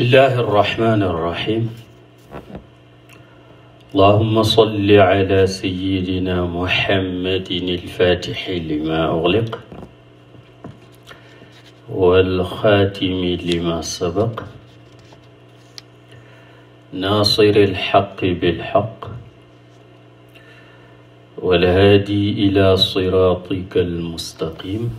الله الرحمن الرحيم اللهم صل على سيدنا محمد الفاتح لما أغلق والخاتم لما سبق ناصر الحق بالحق والهادي إلى صراطك المستقيم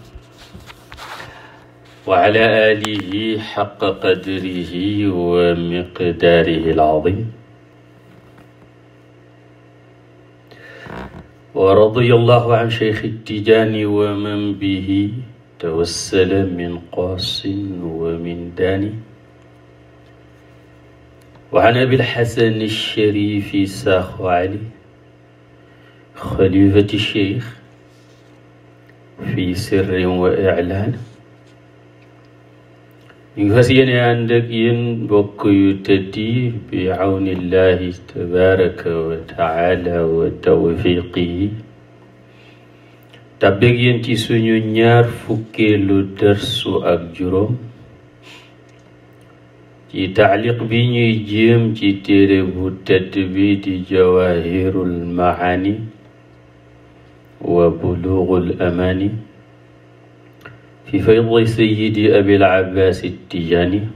وعلى آله حق قدره ومقداره العظيم ورضي الله عن شيخ التجاني ومن به توسل من قاص ومن داني وعن أبي الحسن الشريف ساخو علي خليفة الشيخ في سر وإعلان ñu ngi fas yéene ànd mbokk yu tëddi bi awnillahi tabaraka wa taala wa tawfiqihi tàbbeeg yéen ci suñu ñaar fukkeelu darsu ak juróom ci taaliq bi ñuy jéem ci téere bu tëdd bi di jawahirul maani wa bulughul amani في فيض سيدي أبي العباس التجاني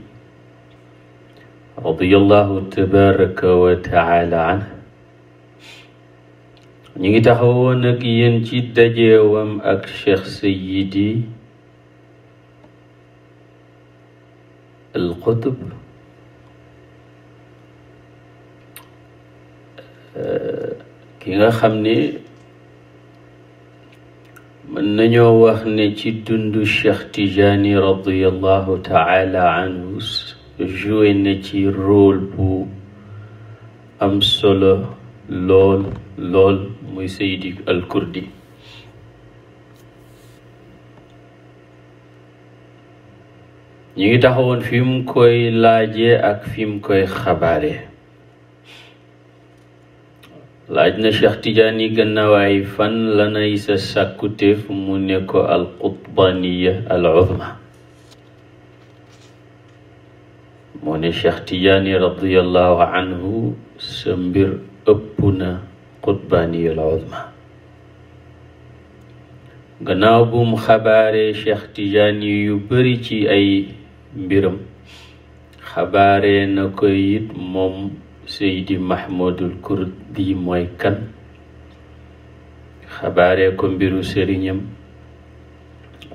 رضي الله تبارك وتعالى عنه ñu ngi taxawoon ak yéen ci dajeewam ak cheikh sayidi al qutb euh, ki nga xam ni mën nañoo wax ne ci dundu Cheikh Tijani radiallahu taala anhu joué na ci rôle bu am solo lool lool muy Seydi al Kurdi ñu ngi taxawoon fi mu koy laajee ak fim koy xabaare laaj na Cheikh Tidiane gannaaw ay fan lanay sa sàkkuteef mu ne ko al qutbaniya al uzma mu ne Cheikh Tidiane radiallahu anhu sa mbir ëpp na qutbaniya al uzma gannaaw bu mu xabaaree Cheikh Tidiane yu bari ci ay mbiram xabaaree na ko moom seydi mahmudul kurdi mooy kan xabaaree ko mbiru sëriñam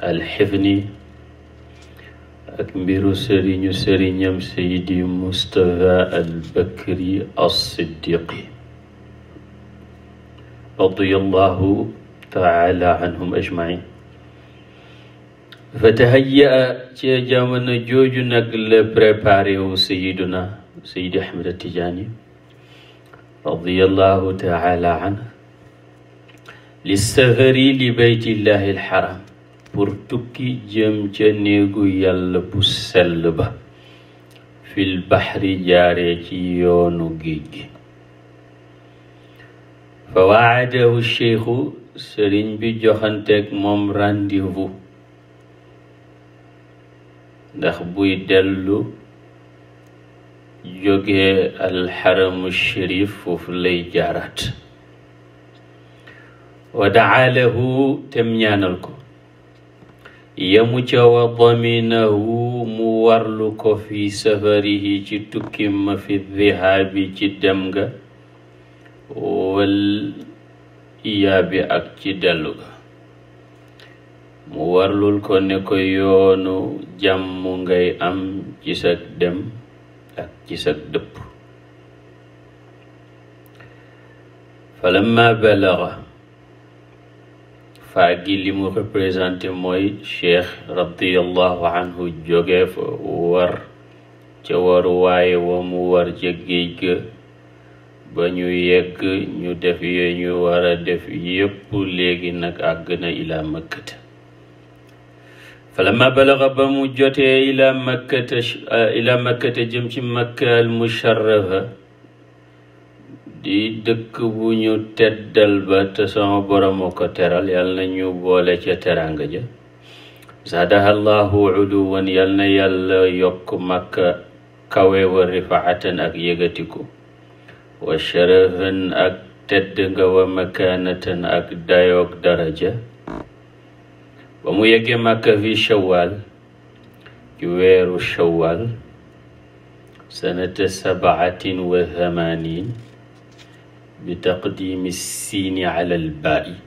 alxifni ak mbiru sëriñu sëriñam seydi mustafa al bakri as siddiqi radiyallahu taala anhum ajmain fa tahayyaa ci jamono jooju nag la préparé wu sayiduna Seydi Ahmed Tijaani radiyallahu taala anhu li safari li beytillahi alxaram pour tukki jëm ca néegu yàlla bu sell ba fil baxri jaaree ci yoonu géej gi fa waadahu cheikhu sëriñ bi joxanteeg moom rendez-vous ndax buy dellu joge alxaramu sharif foofu lay jaaraat wa daalahu tem ñaanal ko yamu ca wa daminahu mu warlu ko fi safarihi ci tukkim ma fi dhihaabi ci dem ga wal iyaabi ak ci dellu ga mu warlul ko ne ko yoonu jàmm ngay am ci sa dem ak ci sa dëpp falamma balaga faa gi li mu représenté mooy cheikh radiallahu anhu jóge fa war ca waru waaye wa mu war ca ba ñu yegg ñu def yooyu ñu war def yépp léegi nag àgg na ilaa makkata falamma balaga ba mu jotee ila makkata ila makkata jëm ci makka al musharrafa di dëkk bu ñu teddal ba te sama borom a ko teral yal na ñu boole ca teranga ja zaadaha llahu uluwan yal na yàlla yokk makka kawe wa rifaatan ak yëgatiku wa sharafan ak tedd nga wa makaanatan ak dayoog daraja ba mu yeggee màkka fi shawal ci weeru shawal sanata sabaatin wa thamanin bi taqdimi siini ala albaa'i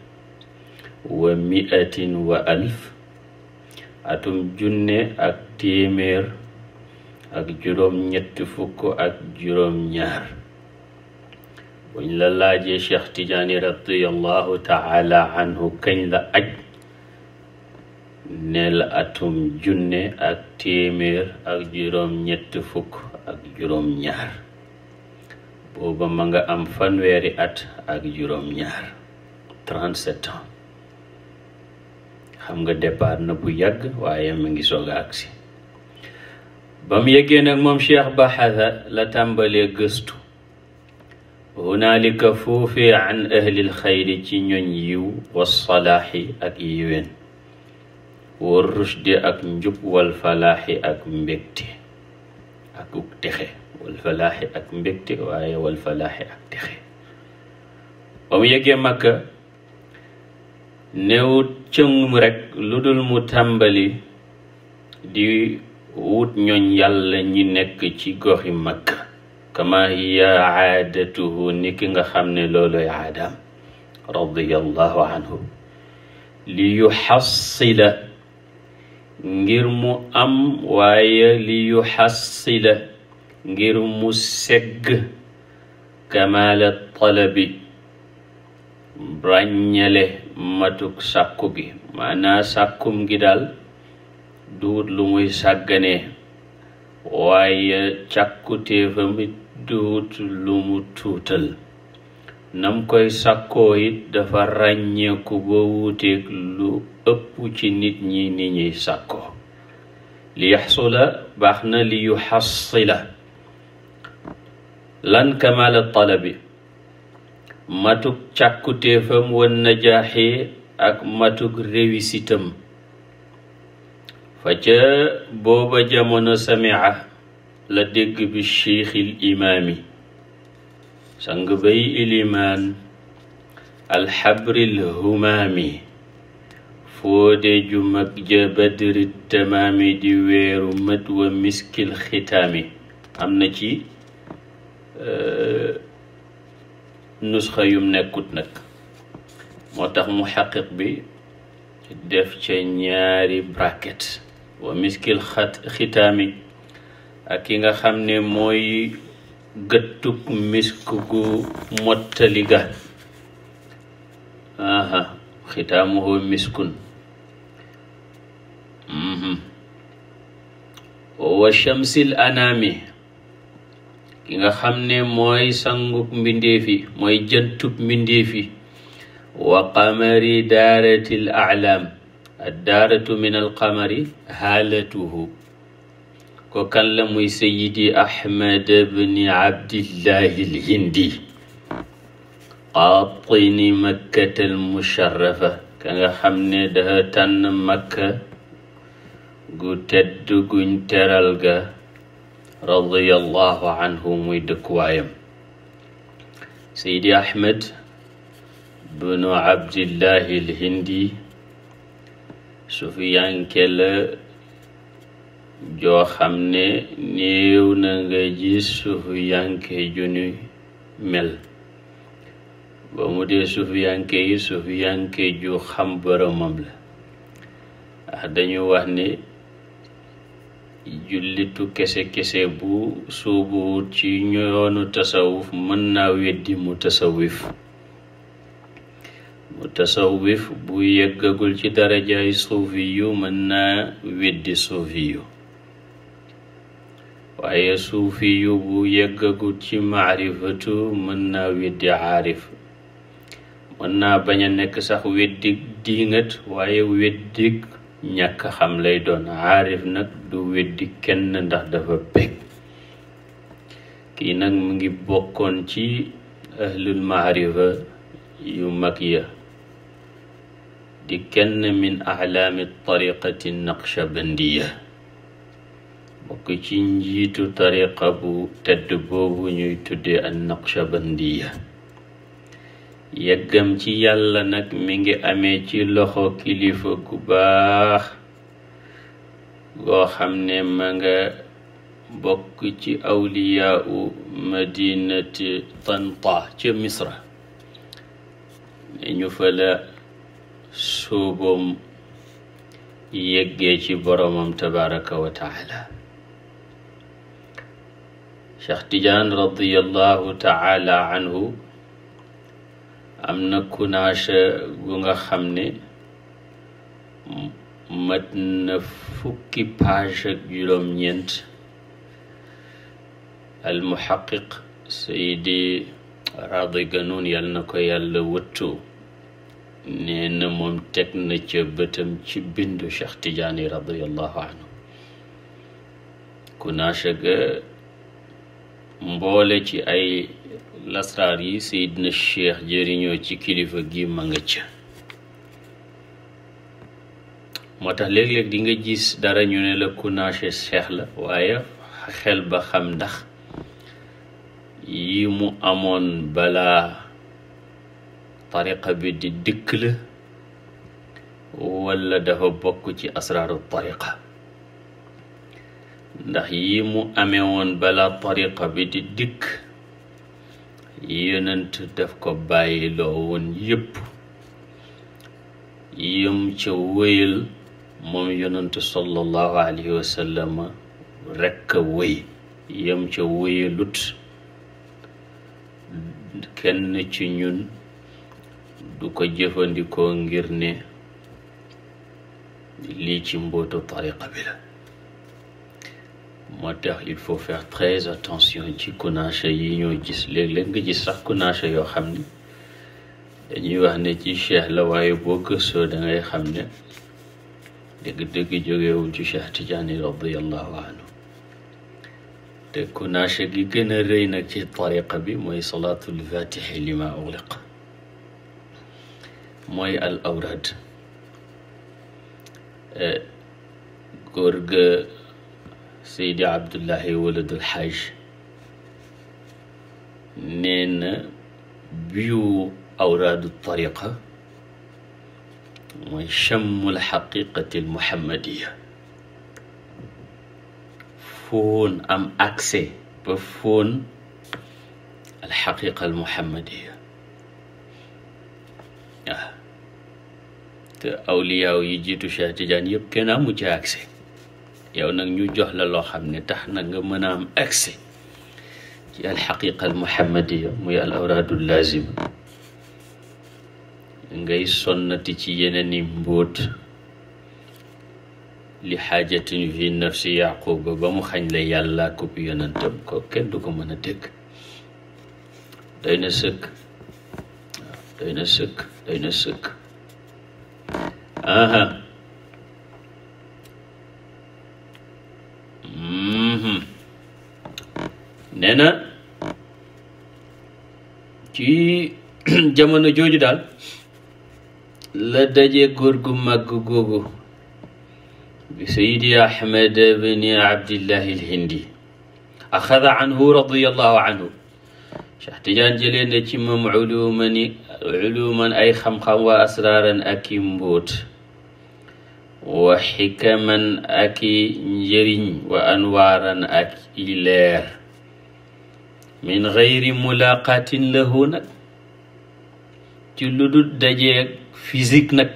wa miatin wa alf atum junne ak téeméer ak juróom ñett fukk ak juróom ñaar buñ la laajee cheikh tijaani radiallahu taala anhu kañ la aj neel atum junne ak téeméer ak juróom ñett fukk ak juróom ñaar booba ma nga am fanweeri at ak juróom ñaar trente-sept ans xam nga départ na bu yàgg waaye mu ngi soog a agsi ba mu yeggee nag moom cheikh baxasa la tàmbalee gëstu hunaalika foofe an ahlil xayri ci ñoñ yiw wa salaaxi ak yiween wa rushdi ak njub wal falaaxi ak mbégte ak uk texe wal falaaxi ak mbégte waaye wal falaaxi ak texe ba mu Makka néewut cëngum rekk lu dul mu tàmbali di wut ñooñ yàlla ñi nekk ci goxi Makka kama hiya aadatuhu ni ki nga xam ne looloy aadaam radiyallahu anhu li yuxassila ngir mu am waaye li yu ngir mu segg kamaala talabi ràññale matuk sàkku gi maanaa sàkkum gi daal duut lu muy sàgganee waaye càkkutéefamit duut lu mu tuutal nam koy sàkkoo it dafa ràññeeku ba lu ëpp ci nit ñi ni ñuy sàkkoo li yaxsula baax na li yuxassila lan kamaala talabi matuk càkkutéefam wan najaaxi ak matuk réussitam fa ca booba jamono samia la dégg bi cheikhil imaami sang bay ilimaan alxabril humaami foode ju mag ja badri tamaami di weeru mët wa miskil xitaami am na ci nusxa yum nekkut nag moo tax mu xaqiq bi def ca ñaari bracket wa miskil xat xitaami nga xam ne mooy gëttug misk gu mottali ga aha xitaamuhu miskun mhm. wa shamsil anaami ki nga xam ne mooy sangub mbindeefi mooy jëntub mbindeefi wa qamari daaratil a'laam ad daaratu min al qamari haalatuhu ko kalla muy sayidi ahmad bni abdillahi lhindi qaatini makkatal musharrafa ka nga xam ne dafa tànn makka gu tedd guñ teral ga radiyallahu anhu muy dëkkuwaayam sayidi ahmad bunu abdillahi lhindi sufiyanke la joo xam ne néew na nga gis suufu yanke juni mel ba mu dee suufu yanke yi suufu yanke ju xam bërëmam la ndax ah, dañu wax ne jullitu kese-kese bu suubu ci ñoonu tasawuf mën naa weddi mu tasawif mu tasawif bu yeggagul ci darajaay suufi yu mën naa weddi suufi yu waaye suufi yu bu yeggagut ci maarifatu mën naa weddi aarif mën naa bañ nekk sax weddig diingat waaye weddig ñàkk xam lay doon aarif nag du weddi kenn ndax dafa peg kii nag mu ngi bokkoon ci ahlul maarifa yu mag ya di kenn min alaami tariqati naqshabandiya bokk ci njiitu tariqa bu tedd boobu ñuy tudde an naqshabandiya yeggam ci yàlla nag mi ngi amee ci loxo kilifa gu baax goo xam ne ma nga bokk ci awliyaa u madinati tanta ca misra ne ñu fa la suubam yeggee ci boromam tabaraka wa taala Cheikh Tidiane radiallahu taala anhu am na kunaasha gu nga xam ne mat na fukki page ak juróom-ñeent almuhaqiq sayidi Raadi Ganuun yal na ko yàlla wëttu nee na moom teg na ca bëtam ci bindu Cheikh Tidiane radiallahu anhu kunaasha ga mboole ci ay lasraar yi Seydina Cheikh jëriñoo ci kilifa gi ma nga ca moo tax léeg-léeg nga gis dara ñu ne la kunaache Cheikh waaye xel ba xam ndax yi mu amoon balaa tariqa bi di dikk la walla dafa bokk ci asraaru tariqa ndax yi mu amee woon tariqa bi di dikk yonent daf ko bàyyi yépp yëm ca wéyal moom yonent sallallahu alayhi wa sallam rekk a wéy yëm ca wéyalut kenn ci ñun du ko jëfandikoo ngir ne lii ci mbootu tariqa bi la moo tax il faut faire très attention ci kunaasa yi ñoo gis léeg-léeg nga sax kunaasa yoo xam ni dañuy wax ne ci cheikh la waaye boo gëstoo da ngay xam ne dëgg-dëgg jógewul ci cheikh Tijaani radiallahu anhu te kunaasa gi gën a rëy nag ci tariqa bi mooy salaatul fatihi lima ugliq mooy al awrad eh, góor ga Seydi Abdullahi waladul Hajj nee na biyu awraadu tariqa mooy chammul xaqiqati l muhammadiya foon am accès ba foon al xaqiqa al muhammadiya waaw te awliyaaw yi jiitu Cheikh Tidiane yëpp kenn amu ci accès yow nag ñu jox la loo xam ne tax nag nga mën a am accès ci alxaqiqa al muhammadiya muy al awraadu lazima ngay sonnati ci yeneeni mbóot li xaajatin fi nafsi yaquba ba mu xañ la yàlla ko bi yonentam ko kenn du ko mën a dégg doy na sëkk doy na sëkk doy na sëkk aha Mm-hmm. nee na ci jamono jooju daal la daje góor gu màgg googu bi sayidi ahmed bni abdillahi alhindi axada anhu radiallahu anhu cheikh tidiane jëlee na ci moom uluman ay xam-xam waa asraaran ak i mbóot wa xikaman ak i njëriñ wa anwaaran ak i leer min xayri mulaqatin lahu nag ci lu dul dajeeg physique nag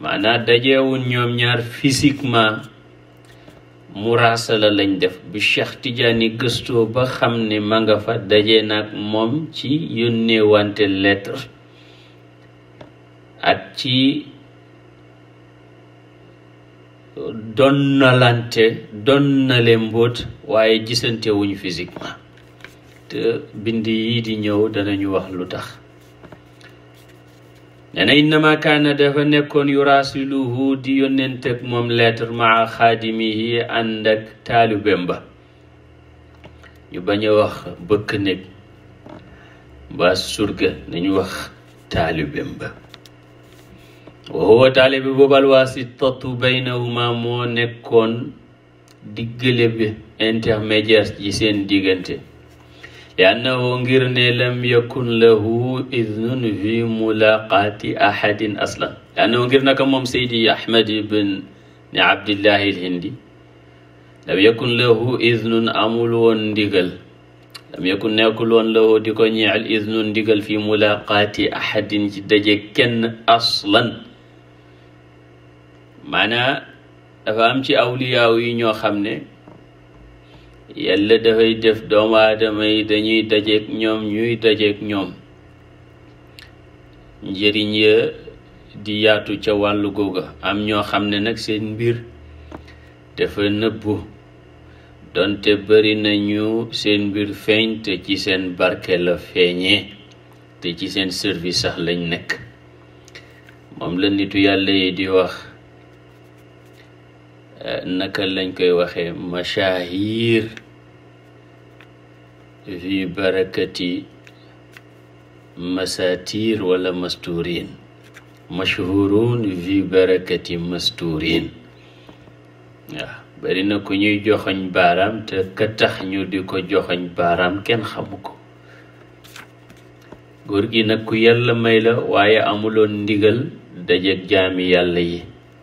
maanaa dajeewun ñoom ñaar physiquement muraasala lañ def bu Cheikh Tidiane gëstoo ba xam ne ma nga fa daje nag moom ci yónneewante lettre ak ci donnalante donnale mbóot waaye gisante wuñu physiquement te bind yii di ñëw danañu wax lu tax nena innama kaana dafa nekkoon yuraasiluhu di yónnent ak moom lettre maa xaadimihi ànd ak taalibeem ba ñu bañ a wax bëkk néeg mbaa surga nañu wax taalibeem ba wa huwa taale bi boobu alwaasitatu baynahuma moo nekkoon diggale bi intermédiaire ci seen diggante li annahu ngir ne lam yakun lahu idnun fi mulaqaati ahadin aslan li annahu ngir naka moom saydi ahmad ibn ni abdillahi alhindi lam yakun lahu idnun amul woon ndigal lam yakun nekkul woon lahu di ko ñeexal idnun ndigal fi mulaqaati ahadin ci daje kenn aslan maanaa dafa am ci awliyaaw yi ñoo xam ne yàlla dafay def doomu aadama yi dañuy dajeeg ñoom ñuy dajeeg ñoom njëriñ ya di yaatu ca wàllu googa am ñoo xam ne nag seen mbir dafa nëbbu doonte bari nañu seen mbir feeñ te ci seen barke la feeñee te ci seen service sax lañ nekk moom la nitu yàlla yi di wax naka lañ koy waxee mashahir fi barakati masatir wala masturin mashhurun fi barakati masturin waaw bari na ku ñuy joxoñ baaraam te ka tax ñu di ko joxoñ baaraam kenn xamu ko góor gi nag ku yàlla may la waaye amuloon ndigal dajeek jaami yàlla yi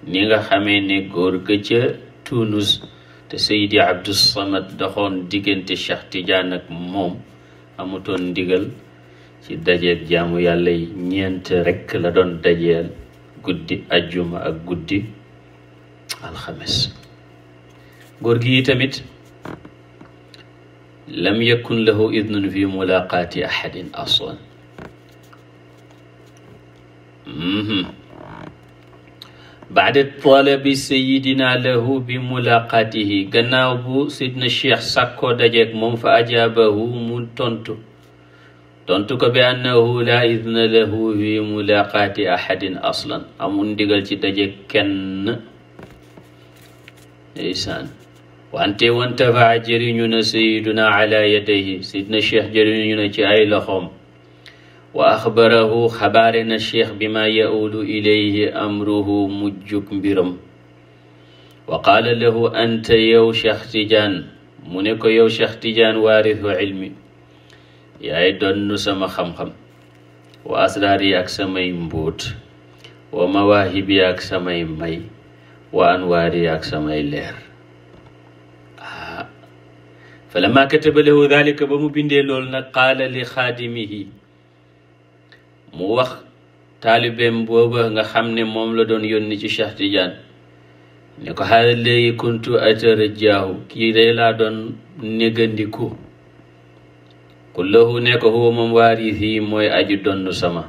ni nga xamee ni góor ga ca Tunus te Seydi Abdou Samad doxoon diggante Cheikh Tidiane ak moom amutoon ndigal ci dajeeb jaamu yàlla ñeent rekk la doon dajeel guddi ajjuma ak guddi alxames góor gi tamit lam yakun lahu idnun fi mulaqaati ahadin aslan mm-hmm. baada talabi sayidina lahu bi mulaqatihi gannaaw bu sidna cheikh sàkkoo dajeek moom fa ajaabahu mu tontu tontu ko bi annahu laa idna lahu fi mulaqaati ahadin aslan amul ndigal ci dajeek kenn ndeysaan wante wanta faa jëriñu na sayiduna ala yadayhi sidna cheikh jëriñu na ci ay loxoom wa axbarahu xabaare na cheikh bi ma yaudu ilayhi amruhu mujjug mbiram wa qaala lahu anta yow cheikh tidiane mu ne ko yow cheikh tidiane waarisu ilmi yaay donn sama xam-xam wa asraar yi ak samay mbóot wa mawaahib yi ak samay may wa anwaar yi ak samay leer ah fa lamma kataba lahu dalika ba mu bindee loolu nag qaala li xaadimihi mu wax taalibeem booba nga xam ne moom la doon yónni ci Cheikh Tidiane ne ko xaaral léegi kuntu atarajaahu kii day laa doon négandiku kullahu ne ko huwa moom waaris yi mooy aji donn sama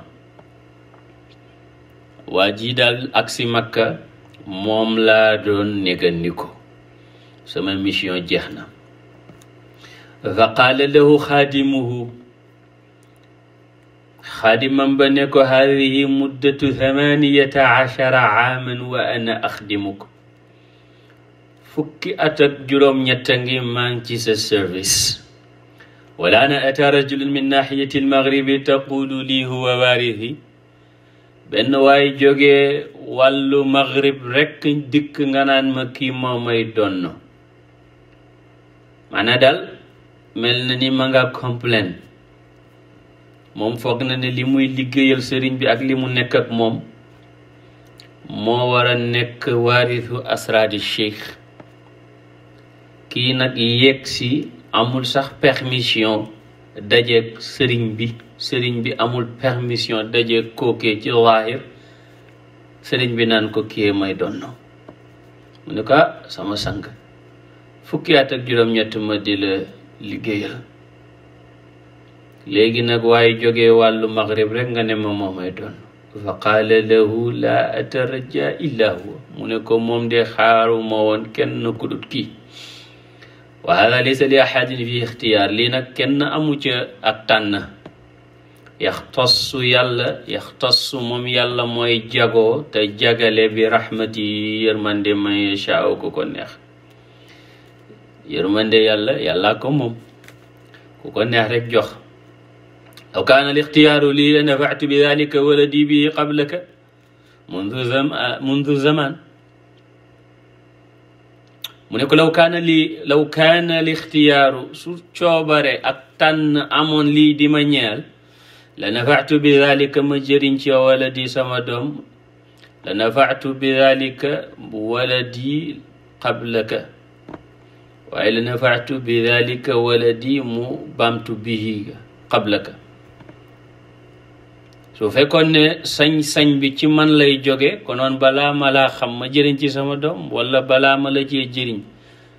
waa ji daal ak si makka moom la doon négandiku sama mission jeex na lahu xaadimuhu xaadiman ba ne ko haadihi muddatu thamaniyata achara aaman wa ana axdimuk fukki at ak juróom ngi maa service wala ana ata rajulun min naxiyati almaghribi taqulu lii huwa waarithi benn waay jógee wàllu maghrib rekk dikk nga ma kii moo may donn maanaa daal mel na ni complain moom foog na ne li muy liggéeyal sëriñ bi ak li mu nekk ak moom moo wara nekk waarisu asraadi cheikh kii nag yegg si amul sax permission dajeeg sëriñ bi sëriñ bi amul permission dajeeg kookee ci waahir sëriñ bi naan ko kii may donn mu ne ko ah, sama sang fukki at ak juróom-ñett ma di la liggéeyal léegi nag waaye jóge wàllu maghrib rek nga ne ma moomay doon fa qaala lahu laa ataraja illa huwa mu ne ko moom de xaaruma woon kenn ku dut kii wa hada laysa li ahadin fi ixtiyaar lii nag kenn amu ca ak tànn yaxtassu yàlla yaxtassu moom yàlla mooy jagoo te jagale bi rahmati yërmande man yashaaw ku ko neex yërmande yàlla yàlla ko moom ku ko neex rek jox aw kaana lixtiyaaru lii la nafaatu bi dalika wala di bii qablaka mundu zama mundu zaman mu ne ko law kaana lii law kaana lixtiyaaru su coobare ak tànn amoon lii di ma ñeel la nafaatu bi dalika ma jëriñ ci wala di sama doom la nafaatu bi dalika wala di qablaka waaye la nafaatu bi dalika wala di mu baamtu bihi qablaka su fekkoon ne sañ-sañ bi ci man lay jóge konoon balaa ma laa xam ma jëriñ ci sama doom walla balaa ma la cee jëriñ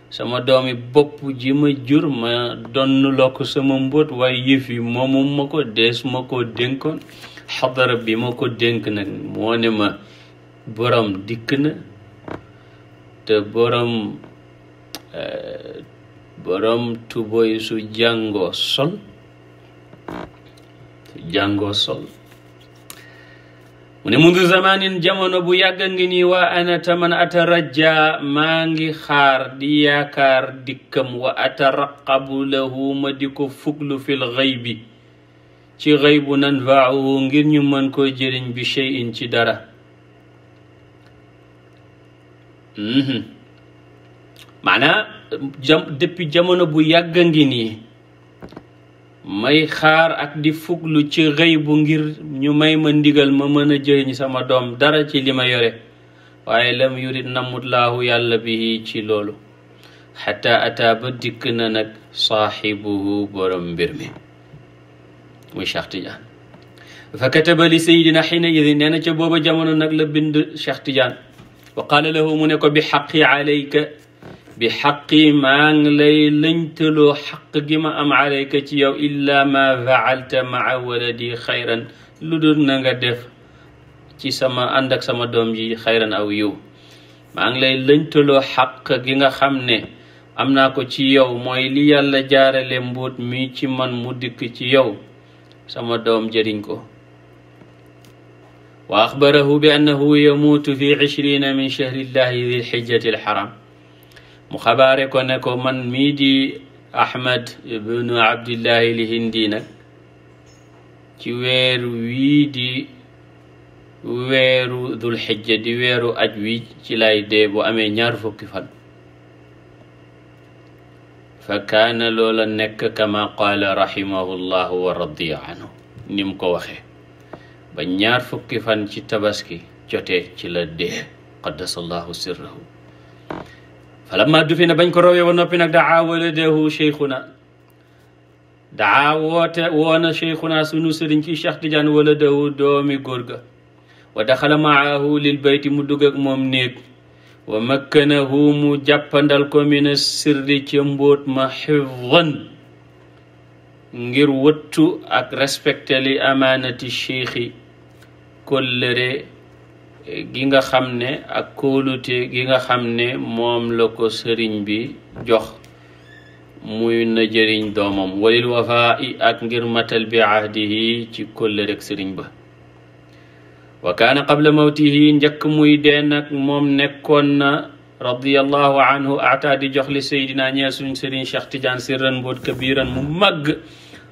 sama doomi bopp ji ma jur ma donn lokk sama mbóot waaye yëf yi moomum ma ko dees ma ko dénkoon xadara bi ma ko dénk nag moo ne ma boroom dikk na te borom eh, borom tuboy su jàngoo sol su jàngoo sol mu ne mundu zamanin jamono bu yàgg ngi nii waa ana taman atarajja maa ngi xaar di yaakaar dikkam wa ataraqabu lahu ma di ko fuglu fil xaybi ci xaybu nanfaahu ngir ñu mën koo jëriñ bi cheyin ci dara mhm. maanaam depuis jamono bu yàgg ngi nii may xaar ak di fuglu ci xëy bu ngir ñu may ma ndigal ma mën a jëriñ sama doom dara ci li ma yore waaye lam yurit namut laahu yàlla bi ci loolu xata ataa ba dikk na nag saaxibuhu borom mbir mi muy Cheikh Tidiane fa kataba li sayidina xiina idin nee na ca booba jamono nag la bind Cheikh Tidiane wa qaala lahu mu ne ko bi xaqi alayka bi xaqi maa ngi lay lëñtaloo xaq gi ma am alayka ci yow illa ma faalta maa waladi xayran lu dul na nga def ci sama ànd ak sama doom ji xayran aw yiw maa ngi lay xaq gi nga xam ne am na ko ci yow mooy li yàlla jaarale mbóot mi ci man mu dikk ci yow sama doom jëriñ ko wa axbarahu bi annahu yamuutu fi ishrina min shahri llahi dil xijjati alxaram mu xabaare ko ne ko man mii di ahmad ibnu abdillahi lihindi nag ci weeru wii di weeru dul xijja di weeru aj wi ci lay dee bu amee ñaar fukki fan fa kaana loola nekk kama qaala rahimahu llahu wa radiya anhu ni ko waxee ba ñaar fukki fan ci tabaski jotee ci la dee qaddasa allahu sirrahu falamma dufina bañ ko roowee ba noppi nag daa waladahu cheikhuna daa woote woona cheikhuna sunu sëriñ ci Cheikh Tidiane doomi góor wa daxala maahu lil bayti mu dugg moom néeg wa makkanahu mu jàppandal ko sirri ca mbóot ma xifdan ngir wëttu ak respecté amaanati cheikhi kollëre gi nga xam ne ak kóolute gi nga xam ne moom la ko sëriñ bi jox muy na jëriñ doomam walil wafaa'i ak ngir matal bi ahdihi ci kóllëre ak sëriñ ba wa kaana qabla mawtihi njëkk muy dee moom nekkoon na radiallahu anhu ata di jox li seydina ñee suñ sëriñ sirran mboot kabiran mu màgg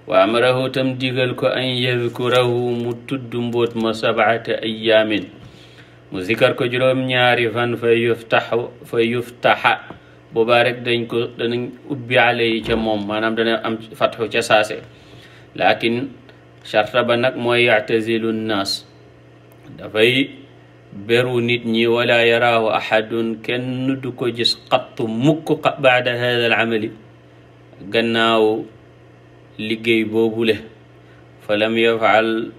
wa amarahu tam digal ko an yadkurahu mu tudd mboot ma sabaata ayaamin mu zikar ko juróom-ñaari fan fa yuftaxu fa dañ ko danañ ubbi ca moom maanaam dana am fatxu ca saase laakin charta ba nag mooy yactazilu nnaas dafay beru nit ñi wala yaraahu ahadun kenn du ko gis xattu mukk baada hada amali gannaaw liggéey boobule fa lam yafaal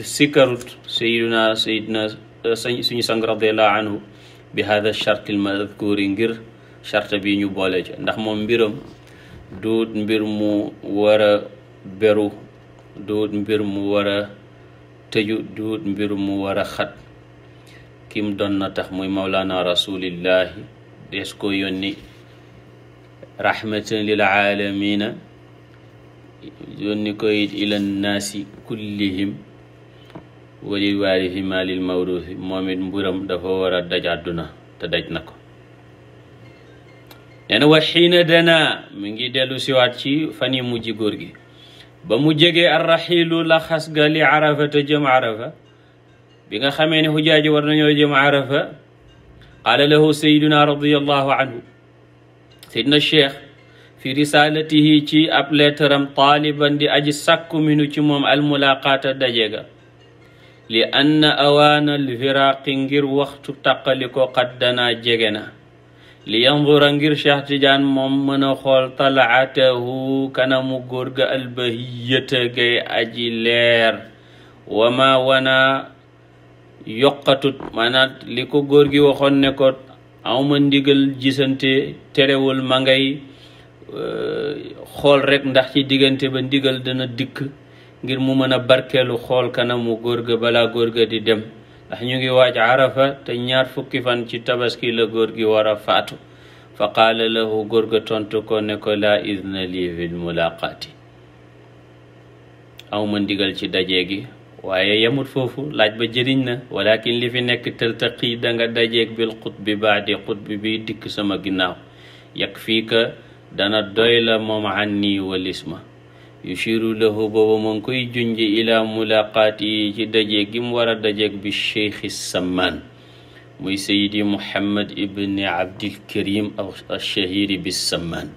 sikarut sayiduna sayidna sañ suñu sang radiallahu anhu bi hada charte al bi ñu boole ca ndax moom mbiram duut mbir mu war a beru duut mbir mu war a tëju duut mbir mu war a xat kim doon na muy mawlaana rasulillahi ko yónni rahmatan lil aalamina yónni koy ila walil waarisi maalil mawruusi moom it mburam dafa war a daj àdduna te daj na ko nee na wa xiina dana mi ngi dellu siwaat ci fan yi mujj góor gi ba mu jegee arraxiilu la xas ga li arafa te jëm arafa bi nga xamee ne xujaaji war nañoo jëm arafa qaala lahu sayiduna radiallahu anhu sayidna cheikh fi risalatihi ci ab leetaram taaliban di aji sàkku minu ci moom almulaaqaata dajega li anna awaanal firaaqi ngir waxtu tàqalikoo xat danaa jege na li yandura ngir Cheikh Tidiane moom mën a xool talaatahu kanamu góor ga albahiyata gay aji leer wama wana yoqatut maanaam li ko góor gi waxoon ne ko awma ndigal jisante terewul ma ngay euh, xool rek ndax ci diggante ba ndigal dana dikk ngir mu mën a barkeelu xool kanamu góor ga balaa góor ga di dem ndax ñu ngi waaj arafa te ñaar fukki fan ci tabaski la góor gi war a faatu fa qaala lahu góor ga tontu ko ne ko la idna lii fil mulaqaati aw ma ci daje gi waaye yamut foofu laaj ba jëriñ na walakin li fi nekk tëltaqi da nga dajeeg bil xut bi baadi xut bi dikk sama ginnaaw yak fii ka dana doy la moom an nii walis yushiru lahu boobu moo ngi koy junji ila mulaqaati yi ci dajeeg gi mu war a dajeeg bi cheikhi sammaan muy sayidi muhammad ibni abdilkarim alshahiri bi sammaan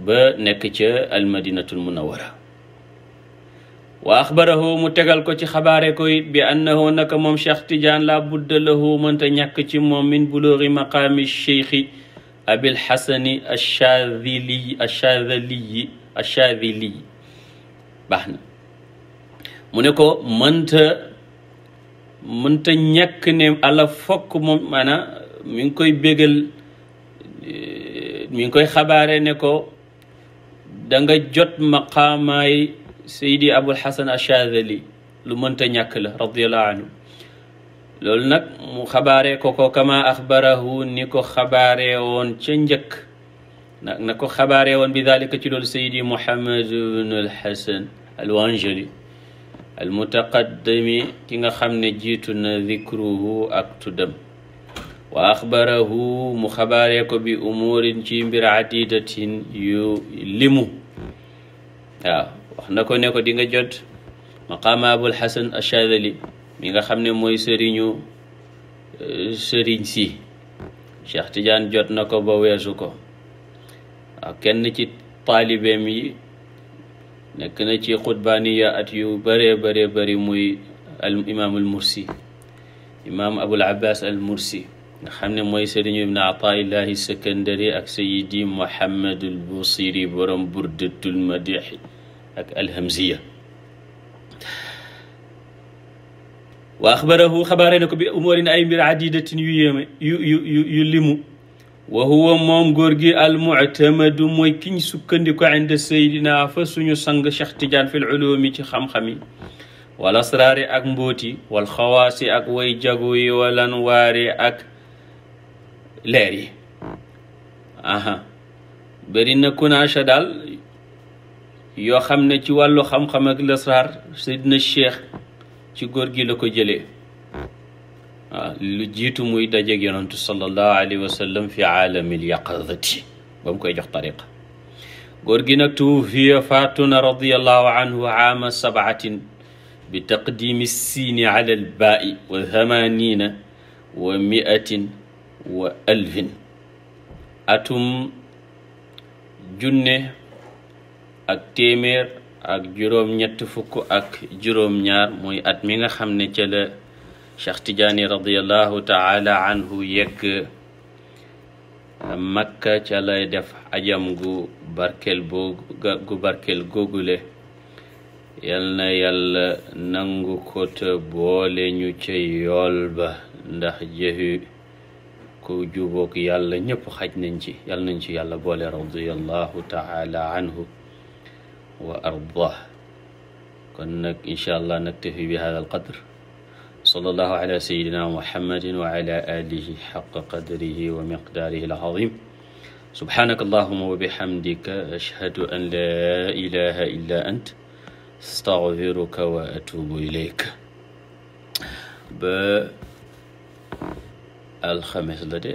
ba nekk ca almadinatul munawara wa axbarahu mu tegal ko ci xabaare ko it bi annahu naka moom cheikh tidiane la budda lahu mënta ñàkk ci moom min buluugi maqaami cheikhi abilxasani achadili achadaliyi Achadili baax mu ne ko mënta mënta ñàkk ne ala fokk moom maanaam mi ngi koy bégal mi ngi koy xabaare ne ko danga jot maqaamaay Seydi Abul Hasan li lu mënta ñàkk la radiallahu anhu loolu nag mu xabaare ko ko kama axbarahu ni ko xabaare woon ca njëkk na na ko xabaaree woon bi daal ci loolu sayidi Muhammad ibn al-Hasan al-Wanjali almutaqaddami ki nga xam ne jiitu na dikruhu ak tuddam wa axbarahu mu xabaaree ko bi umurin ci mbir adidatin yu limu waaw wax ko ne ko di nga jot maqaama abul xasan mi nga xam ne mooy sëriñu euh, sëriñ si Cheikh tijan jot na ko ba ko waaw kenn ci taalibeem yi nekk na ci xutbaaniya at yu bëree bëree bëri muy al imaam al mursi imaam abul abbas al mursi nga xam ne mooy sëriñu ibn ataillahi sakandari ak sayidi mohammadul busiri borom burdatul madixi ak alhamziya wa axbarahu xabaare na ko bi umurin ay mbir adidatin yu yéeme yu yu yu limu wa huwa moom góor gi almuctamadu mooy kiñ sukkandiku inde seydina fa suñu sang cheikh tidiane fil ulumi ci xam-xam yi wal asraari ak mbóoti wal xawaasi ak way jago yi walan waari ak leer yi aha bëri na kunaasha daal yoo xam ne ci wàllu xam-xam ak lasraar seydina cheikh ci góor gi la ko jëlee waaw euh, lu jiitu muy dajeeg yonantu sallallahu alayhi wa sallam fi aalamil yaqazati ba mu koy jox tariqa góor gi nag tuwufiya faatuna radiallahu anhu aama sabaatin bi taqdimi siini ala al baai wa thamanina wa miatin wa alfin atum junne ak téeméer ak juróom-ñett fukk ak juróom-ñaar mooy at mi nga xam ne ca la Cheikh Tidiane radiallahu taala def ajam gu barkel gu barkel googule yal na yàlla nangu ko te boole ñu ca yool ba ndax jëfi ku juboog yàlla ñëpp xaj nañ ci yal nañ ci yàlla boole radiallahu taala anhu wa ardah kon nag incha allah nag bi hada al sallallahu ala sayidina muhammadin wa ala alihi xaqa qadrihi wa miqdaarihi alazim subhanaka allahuma wa bihamdika ashhadu an la ilaha illa ant astaghfiruka wa atubu ilayk ba alxames la de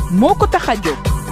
moo ko tax a jóg.